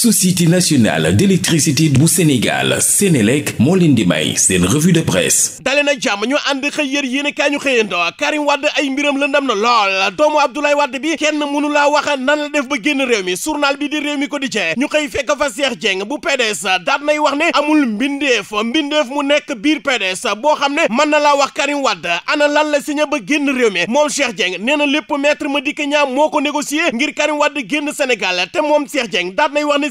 société nationale d'électricité bu Sénégal Sénélec moo leen di may seen revue de presse dale na jàmm ñu ànd xëy yër yéen kaay ñu xëyando Karim Wade ay mbiram lëndam na lool doomu Abdoulaye Wade bi kenn mënu laa wax nan la def ba génn réew mi journal bi di réew mi quotidien ñu xëy fekk fa Cheikh Dieng bu PDS daat nay wax ne amul mbindeef mbindeef mu nekk biir PDS boo xam ne man na laa wax Karim a ana lan la signé ba génn réew mi moom Cheikh Dieng nee na lépp maître Madické Niang moo ko négocié ngir Karim Wade génn Sénégal te moom Cheikh Dieng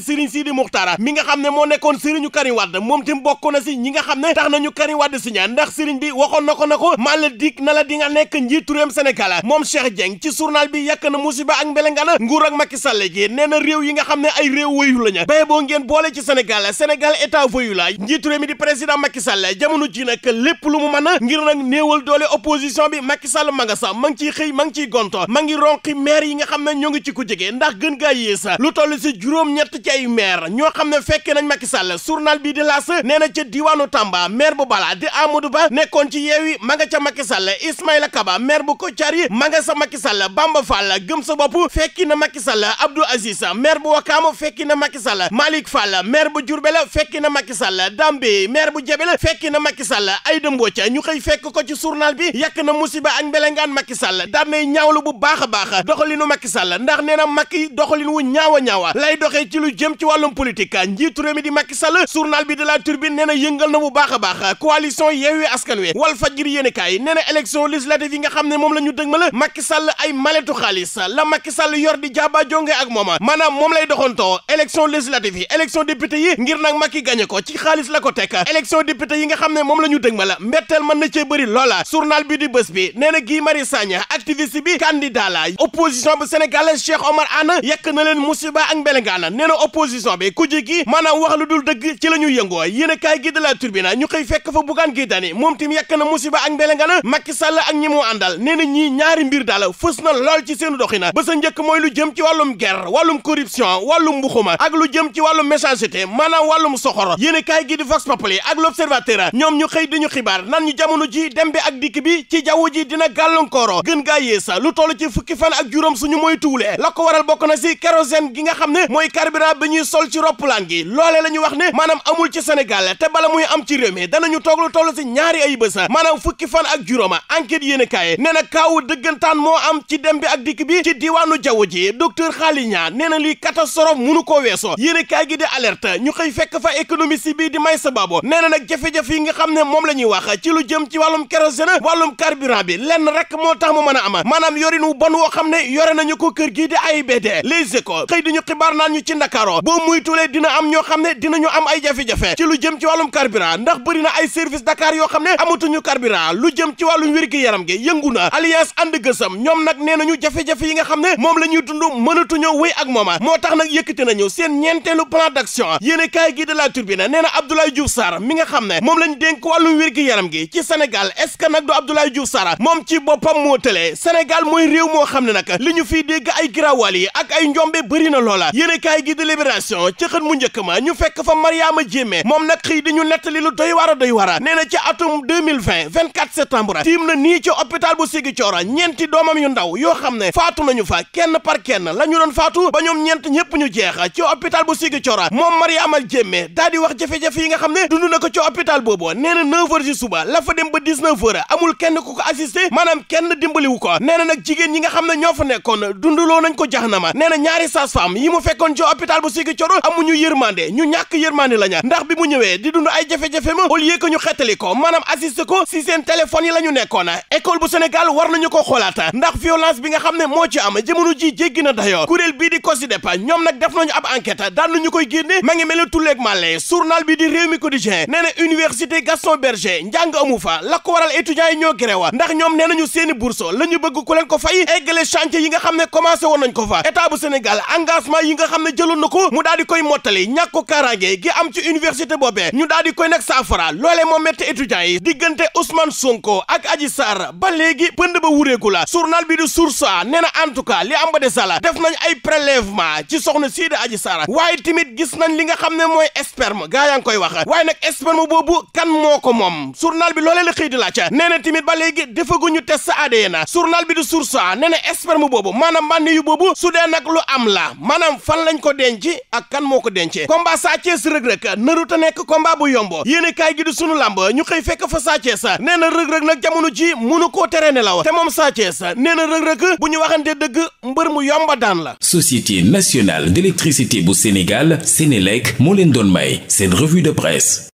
mooy Serigne Sidi Moukhtar mi nga xam ne moo nekkoon Serigne Karim Wade moom tim bokk na si ñi nga xam ne tax nañu Karim Wade si ñaan ndax Serigne bi waxoon na ko na ko maa la dig nala la di nga nekk njiitu réewum Sénégal moom Cheikh Dieng ci journal bi yàkk na musiba ak mbelengana nguur ak Macky Sall gi nee na réew yi nga xam ne ay réew wayu la ña béye boo ngeen boole ci Sénégal Sénégal état wayu la njiitu mi di président Macky Sall jamono ji nag lépp lu mu mën a ngir nag néewal doole opposition bi Macky Sall ma sa ma ngi ciy xëy ma ngi ciy gonto ma ngi ronqi maire yi nga xam ne ñoo ngi ci ku jege ndax gën gaa yées lu toll si juróom ci ay maire ñoo xam ne fekkee nañ Macky Sall journal bi di laas nee na ca diwaanu Tamba maire bu Bala di Amadou Ba nekkoon ci yeewi ma nga ca Macky Kaba maire bu Kotiari ma nga sa la Sall Bamba Fall gëm sa bopp fekki na Macky Sall Abdou Aziz maire bu Wakaam fekki na Macky Sall Malick Fall maire bu Diourbel fekki na Macky Sall Dambé maire bu Diabel fekki na Macky Sall Aïda Mbodj ñu xëy fekk ko ci journal bi yàq na musiba ak mbelengaan Macky Sall daan nay ñaawlu bu a baax doxalinu Macky Sall ndax nee a jëm ci wàllum politique njiitu réew mi di Macky Sall bi de la Tribune nee na yëngal na bu baax a baax coalition Yewwi Askan Wi Walf Fadjri yéenekaay nee na élection législative yi nga xam ne moom la ñu dëgmal Macky Sall ay maletu xaalis la Macky Sall yor di jaaba jonge ak moom maanaam moom lay doxantoo élection législative yi élection député yi ngir nag Macky gagné nga xam ne moom la ñu dëgmal mbetteel mën na cee bëri loola journal bi di bés bi nee na Guy opposition bi ku ji gi maanaam wax lu dul dëgg ci la ñu yëngoo yéen a kaay la turbine ñu xëy fekk fa Bougane Gueye Dany moom tim yàkk na musiba ak mbelengana Macky Sall ak ñi mu àndal nee na ñii ñaari mbir daal fës na lool ci seenu doxina ba sa mooy lu jëm ci wàllum guerre wàllum corruption wàllum mbuxuma ak lu jëm ci wàllum méchanceté maanaam wàllum soxor yéen a kaay gi di Vox Populi ak l'Observateur ñoom ñu xëy diñu xibaar nan ñu jamono ji dem bi ak dikk bi ci jaww ji dina gàllankooro gën gaa lu toll ci fukki fan ak juróom suñu moy tuulee la ko waral bokk na si kérosène gi nga xam ne mooy carburant bi ñuy sol ci roppalaan gi loolee la ñu wax ne maanaam amul ci Sénégal te bala muy am ci réew mi danañu toog lu toll si ñaari ay bés maanaam fukki fan ak juróoma enquête yéen a nee na kaawu dëggantaan moo am ci dem bi ak dikk bi ci diwaanu jaww ji docteur Xaali Ñaa nee na lii catastrophe munu koo weesoo yéen a gi di alerte ñu xëy fekk fa économiste bi di may sa baabo nee na nag jafe-jafe yi nga xam ne moom la ñuy wax ci lu jëm ci wàllum kérosène wàllum carburant bi lenn rek moo tax mu mën a am maanaam yorin wu bon woo xam ne yore nañu ko kër gii di AIBD les éco xëy di ñu xibaar naan ñu ci Ndakaaru jaaro boo muy tulee dina am ñoo xam ne dinañu am ay jafe-jafe ci lu jëm ci wàllum carburant ndax bëri na ay service Dakar yoo xam ne amatuñu carburant lu jëm ci wàllum wér-gi-yaram gi yëngu na alliance ànd gësam ñoom nag nee nañu jafe-jafe yi nga xam ne moom la ñuy dund mënatuñoo wéy ak mooma moo tax nag yëkkati nañu seen ñeenteelu plan d'action yéene kaay gi de la turbine nee na Abdoulaye Diouf Sarr mi nga xam ne moom lañ dénk wàllum wér-gi-yaram gi ci Sénégal est-ce que nag du Abdoulaye Diouf Sarr moom ci boppam moo tëlee Sénégal mooy réew moo xam ne nag li ñu fiy dégg ay giraawal yi ak ay libération mu njëkk ma ñu fekk fa Mariama Jéeme moom nag xëy di ñu nettali lu doy war doy war a ci atum 2020 24 na nii ci hôpital bu Ziguinchor ñeenti doomam yu ndaw yoo xam ne faatu nañu fa kenn par kenn la doon faatu ba ñoom ñeent ñëpp ñu jeex ci hôpital bu Ziguinchor moom Mariama Jéeme daal wax jafe-jafe yi nga xam ne dund na ko ci hôpital boobu nee na 9 suba la fa dem ba 19 heures amul kenn ko ko nee na nag maire bu Ziguinchor amuñu yërmande ñu ñàkk yërmande la ndax bi mu ñëwee di dund ay jafe-jafe ma au lieu ñu xettali ko maanaam assisté ko si seen téléphone yi la nekkoona école bu Sénégal war nañu ko xoolaata ndax violence bi nga xam ne moo ci am jamono ji jéggi na dayoo kuréel bii di COSYDEP ñoom nag def nañu ab enquête daan nañu koy génne ma ngi mel ne tulleeg màlle journal di Rewmi Quotidien ko waral étudiants nee nañu seeni bourse la ñu bëgg fa kooku mu daal di koy mottali ñàkku kaaraange gi am ci université boobee ñu daal di koy nag saafara loolee moo métti étudiants yi diggante Ousmane Sonko ak Adji Sarr ba léegi pënd ba wureeku la journal bi di Source A nee en tout cas li am ba de sala def nañ ay prélèvement ci soxna sii di Adji waaye tamit gis nañ li nga xam ne mooy sperme gaa yaa ngi koy wax waaye nag sperme boobu kan moo ko moom journal bi loolee la xëy di laaj nee na tamit ba léegi defaguñu test ADN journal bi di Source A nee maanaam mbànn yu su dee nag lu am la maanaam fan lañ ko denc ji ak kan moo ko denc combat Sa Thiès Reug Reug naruta nekk combat bu yomb yéene kaay gi sunu làmb ñu xëy fekk fa Sa nee na Reug Reug nag jamono ji munu koo tere nelaw te moom Sa Thiès nee na Reug Reug bu ñu waxante dëgg mbër mu yomba daan la Société nationale d'électricité bu Sénégal Sénélec moo leen doon may seen revue de presse